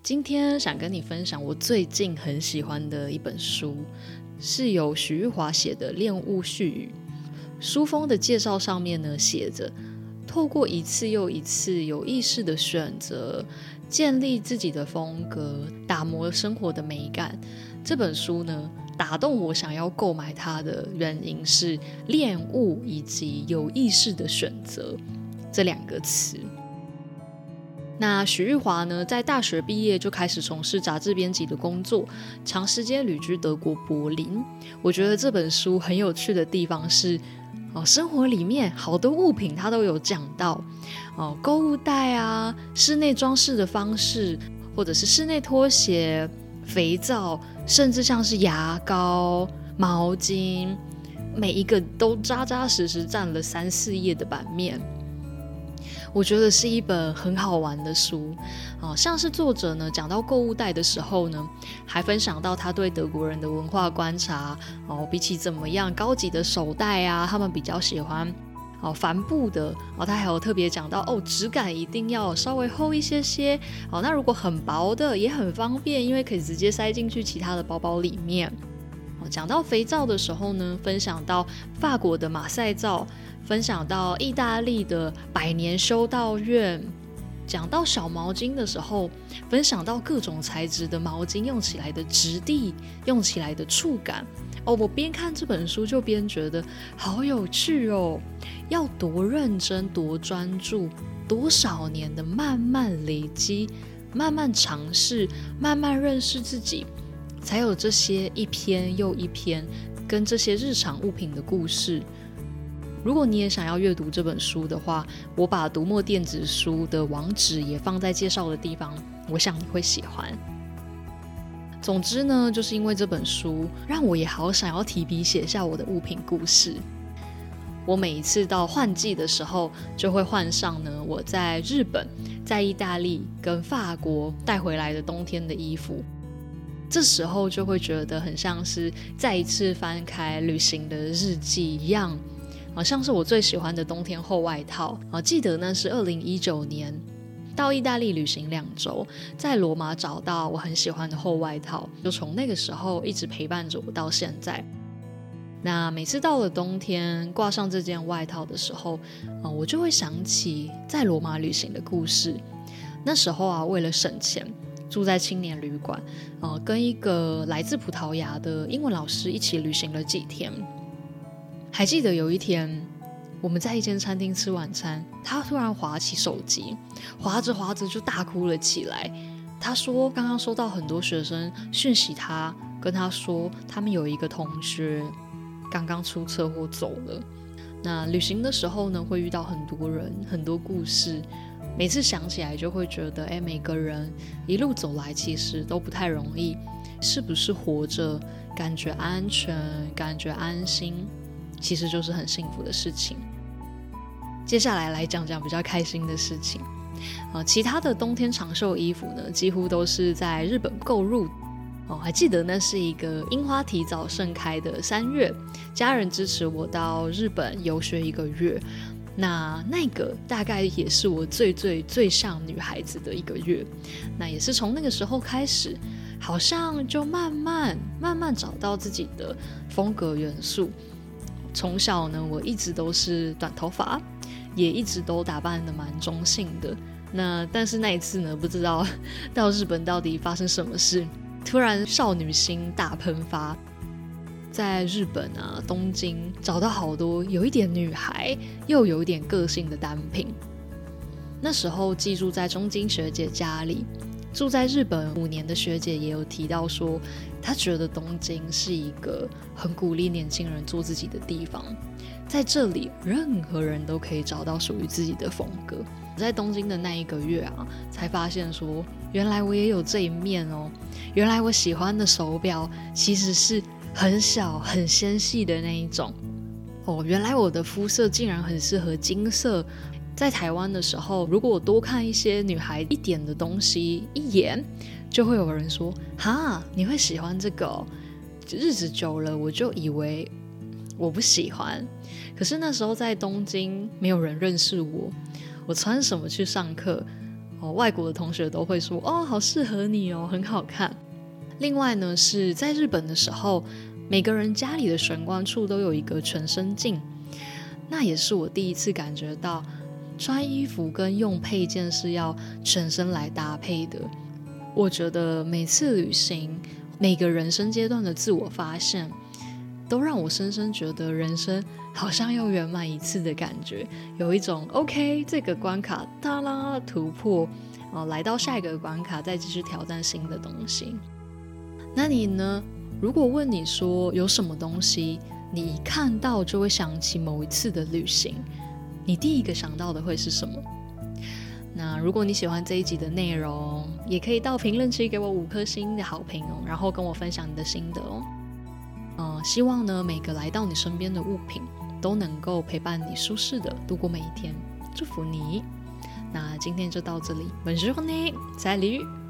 今天想跟你分享我最近很喜歡的一本書，是由許育華寫的《戀物絮語》。書封的介紹上面呢寫着：“透過一次又一次有意識的選擇，建立自己的風格，打磨生活的美感。”這本書呢打動我想要購買它的原因是“戀物”以及“有意識的選擇”這兩個詞。那許育華呢，在大學畢業就開始從事雜誌編輯的工作，長時間旅居德國柏林。我覺得這本書很有趣的地方是，哦，生活裡面好多物品他都有講到，哦，購物袋啊，室內裝飾的方式，或者是室內拖鞋、肥皂，甚至像是牙膏、毛巾，每一個都扎扎實實佔了三四頁的版面。我覺得是一本很好玩的書，像是作者呢講到購物袋的時候呢，還分享到他對德國人的文化觀察，哦，比起怎麼樣高級的手袋啊，他們比較喜歡哦帆布的，哦，他還有特別講到哦質感一定要稍微厚一些些，哦，那如果很薄的也很方便，因為可以直接塞進去其他的包包裡面。講到肥皂的時候呢，分享到法國的馬賽皂，分享到意大利的百年修道院。講到小毛巾的時候，分享到各種材質的毛巾，用起來的質地，用起來的觸感。哦，我邊看這本書就邊覺得好有趣哦，要多認真、多專注，多少年的慢慢累積，慢慢嘗試，慢慢認識自己。才有這些一篇又一篇跟這些日常物品的故事。如果你也想要閱讀這本書的話，我把讀墨電子書的網址也放在介紹的地方，我想你會喜歡。總之呢，就是因為這本書讓我也好想要提筆寫下我的物品故事。我每一次到換季的時候，就會換上呢我在日本、在意大利跟法國帶回來的冬天的衣服。這時候就會覺得很像是再一次翻開旅行的日記一樣，好像是我最喜歡的冬天厚外套啊！記得呢，是二零一九年到意大利旅行兩週，在羅馬找到我很喜歡的厚外套，就從那個時候一直陪伴着我到現在。那每次到了冬天掛上這件外套的時候，啊，我就會想起在羅馬旅行的故事。那時候啊，為了省錢。住在青年旅館，哦、呃，跟一個來自葡萄牙的英文老師一起旅行了幾天。還記得有一天，我們在一間餐廳吃晚餐，他突然滑起手機，滑着滑着就大哭了起來。他說，剛剛收到很多學生訊息他，他跟他說，他們有一個同學剛剛出車禍走了。那旅行的時候呢，會遇到很多人，很多故事。每次想起來就會覺得，誒，每個人一路走來其實都不太容易。是不是活着，感覺安全，感覺安心，其實就是很幸福的事情。接下來來講講比較開心的事情。呃，其他的冬天長袖衣服呢，幾乎都是在日本購入。哦，還記得那是一個櫻花提早盛開的三月，家人支持我到日本遊學一個月。那那個大概也是我最最最像女孩子的一個月，那也是從那個時候開始，好像就慢慢慢慢找到自己的風格元素。從小呢，我一直都是短頭髮，也一直都打扮得蠻中性的。那但是那一次呢，不知道到日本到底發生什麼事，突然少女心大噴發。在日本啊，東京找到好多有一點女孩又有一點個性的單品。那時候寄住在中京學姐家裡，住在日本五年的學姐也有提到說，她覺得東京是一個很鼓勵年輕人做自己的地方，在這裡任何人都可以找到屬於自己的風格。我在東京的那一個月啊，才發現說，原來我也有這一面哦，原來我喜歡的手錶其實是。很小很纖細的那一種哦，原來我的膚色竟然很適合金色。在台灣的時候，如果我多看一些女孩一點的東西一眼，就會有人說哈，你會喜歡這個哦？日子久了，我就以為我不喜歡。可是那時候在東京，沒有人認識我，我穿什麼去上課哦，外國的同學都會說哦，好適合你哦，很好看。另外呢，是在日本的時候。每個人家裡的玄關處都有一個全身鏡，那也是我第一次感覺到，穿衣服跟用配件是要全身來搭配的。我覺得每次旅行，每個人生階段的自我發現，都讓我深深覺得人生好像要圓滿一次的感覺，有一種 OK 這個關卡噠啦突破，啊、哦、來到下一個關卡再繼續挑戰新的東西。那你呢？如果問你說，有什麼東西你一看到就會想起某一次的旅行，你第一個想到的會是什麼？那如果你喜歡這一集的內容，也可以到評論區給我五顆星的好評哦，然後跟我分享你的心得哦。嗯、呃，希望呢，每個來到你身邊的物品都能夠陪伴你舒適的度過每一天，祝福你。那今天就到這裡，本安，好呢，再會。再